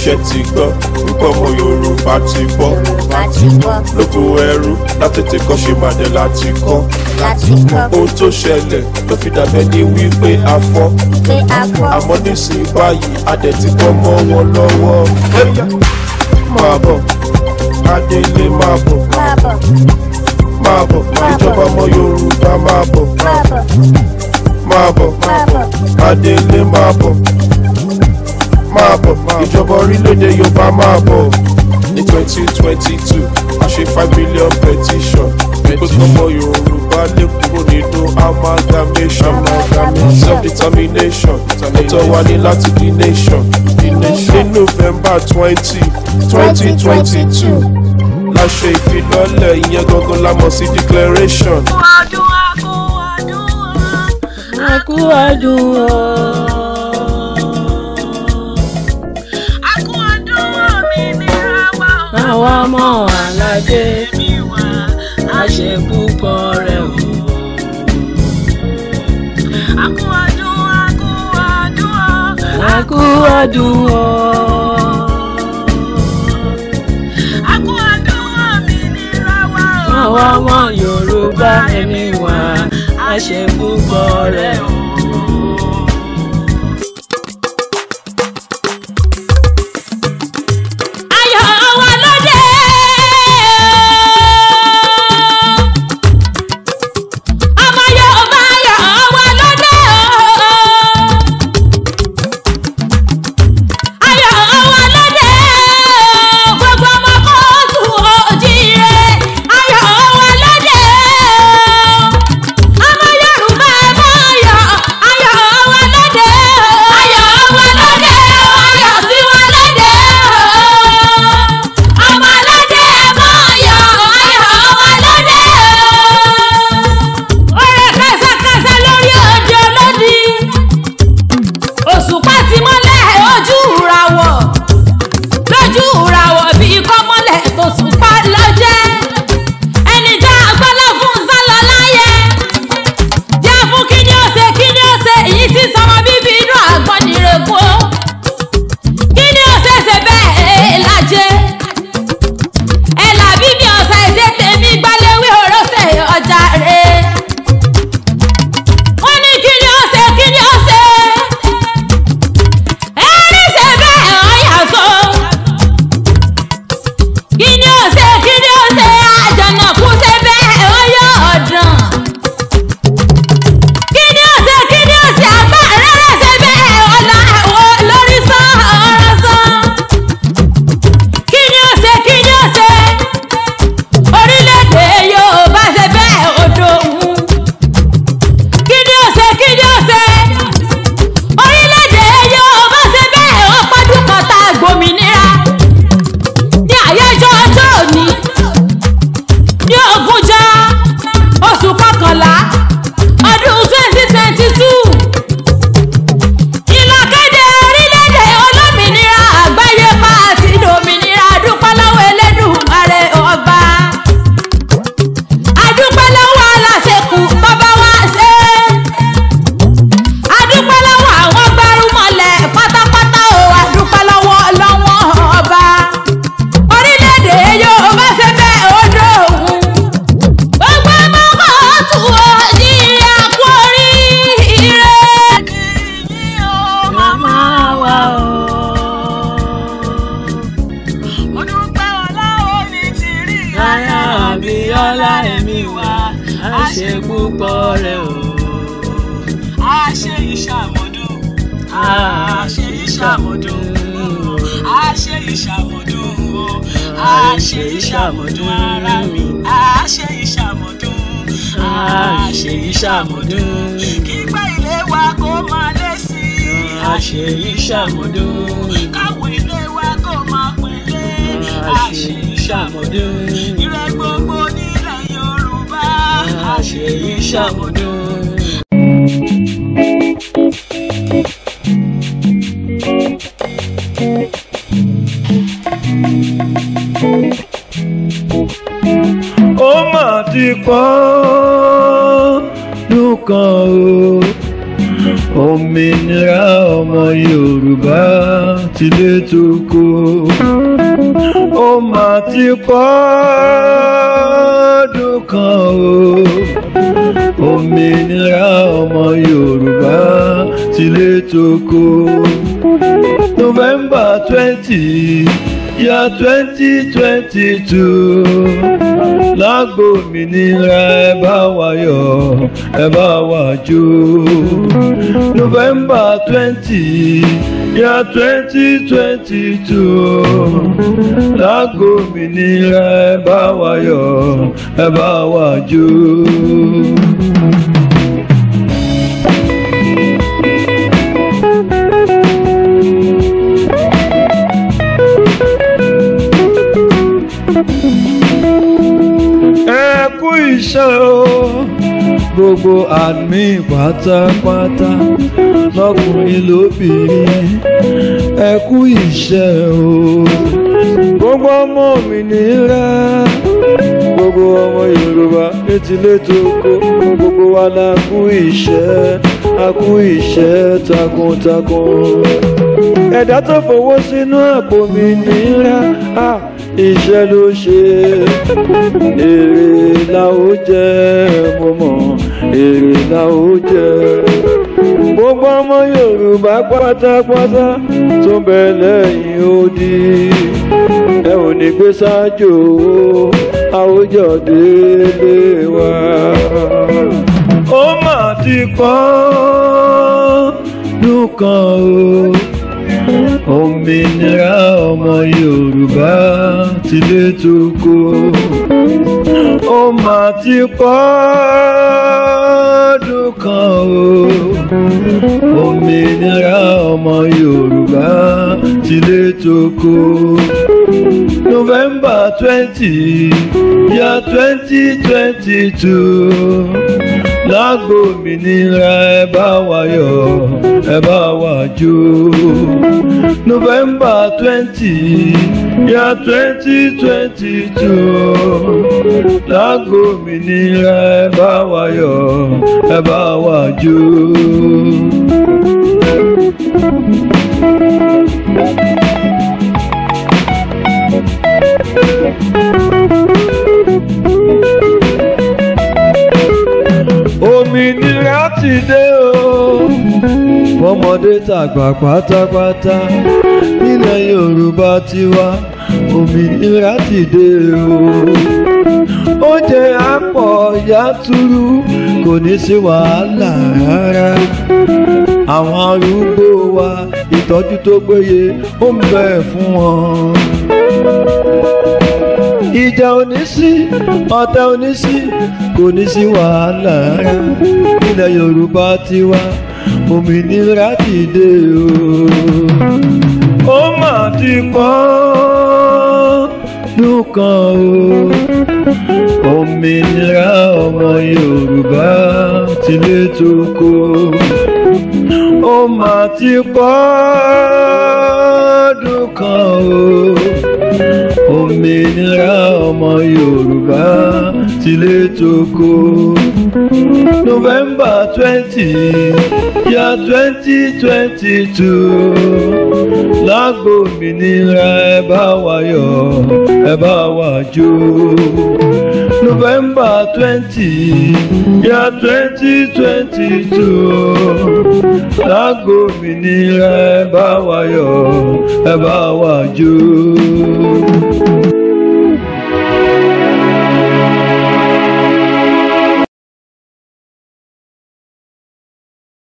iṣẹ́ ti gbọ́ púpọ̀ ọmọ Yorùbá ti bọ́ lóko ẹrú látètè kọ́ ṣe màdé láti kọ́ ohun tó ṣẹlẹ̀ ló fi dàbẹ́ ní wípé afọ́ àmọ́ nísìnyí báyìí adẹ̀ ti bọ́ mọ́ wọn lọ́wọ́ máa bọ̀ adélé máa bọ̀ máa bọ̀ ìjọba ọmọ Yorùbá máa bọ̀ máa bọ̀ adélé máa bọ̀ máa bọ̀ ìjọba orílẹ̀-èdè Yorùbá máa bọ̀ ní twenty twenty two a ṣe five million petition pé tọmọ Yorùbá lè kúrò nínú amalgamation self determination ẹ̀tọ́ wa ní láti di nation ní November twenty twenty twenty two la ṣe ìfilọ́lẹ̀ ìyẹn gangan la mọ̀ sí declaration. àdúrà kò àdúrà àkú àdúrà. àwa mọ̀ àlàdé àṣẹ púpọ̀ rẹ̀ o. Akú ọdún, akú ọdún o. Akú ọdún o. Akú ọdún òmìnira wa o. Àwa Yorùbá ẹni wà àṣẹ púpọ̀ rẹ̀ o. àṣe ìṣàmọ̀dún àṣe ìṣàmọ̀dún o àṣe ìṣàmọ̀dún ara mi àṣe ìṣàmọ̀dún àṣe ìṣàmọ̀dún kígbà ilé wa kó máa lé sí i àṣe ìṣàmọ̀dún káwọ ilé wa kó máa pèlè àṣe ìṣàmọ̀dún ire gbogbo nílẹ̀ Yorùbá àṣe ìṣàmọ̀dún. ti pọ̀ ọdún kan o òmìnira ọmọ Yorùbá ti lé tó kó ó mà ti pọ̀ ọdún kan o òmìnira ọmọ Yorùbá ti lé tó kó November twenty year twenty twenty two lágbo òmìnira ẹ bá wa yọ̀ ẹ bá wa November twenty year twenty twenty two lágbo òmìnira ẹ bá wa yọ̀ ẹ bá wa ṣe o gbogbo àmì pátápátá lọ́kùnrin lóbìnrin ẹ kú iṣẹ́ o gbogbo ọmọ òmìnira gbogbo ọmọ Yorùbá létílétí oko gbogbo wa la kú iṣẹ́ a kú iṣẹ́ takuntakun ẹ̀dá tó fowó sínú àpò òmìnira iṣẹ́ ló ṣe èrè la ó jẹ mo mọ̀ èrè la ó jẹ. gbogbo ọmọ Yorùbá pátápátá tó ń bẹ lẹ́yìn odi ẹ ò ní gbé ṣáájú owó àwùjọ délé wa. ó mà ti pọ́n dùn kan o òmìnira ọmọ Yorùbá tilé tókó ó mà ti pọ́ọ́dún kan o òmìnira ọmọ Yorùbá tilé tókó November twenty year twenty twenty two lágbo òmìnira ẹ bá wa yọ̀ November twenty yá twenty twenty two lágbo òmìnira ẹ bá wa yọ̀ ẹ bá tọmọdé tàgbà pátápátá nílẹ̀ Yorùbá tiwa òmìnira ti dé o oúnjẹ àpọ̀ yàtúrú kò ní sí wàhálà rárá àwọn arúgbó wa ìtọ́jú tó péye ó ń bẹ fún wọn ìjà onísí ọ̀tá onísí kò ní sí wàhálà rárá nílẹ̀ Yorùbá tiwa òmìnira ti dé o ó mà ti kọ́ ọdún o òmìnira ọmọ Yorùbá ti lé tó kó ó mà ti kọ́ ọdún o òmìnira ọmọ Yorùbá stylé Toko. November 20, year 2022. Lágbo òmìnira ẹ bá wa yọ̀, ẹ bá wa jó. November 20, year 2022. Lágbo òmìnira ẹ bá wa yọ̀, ẹ bá wa jó.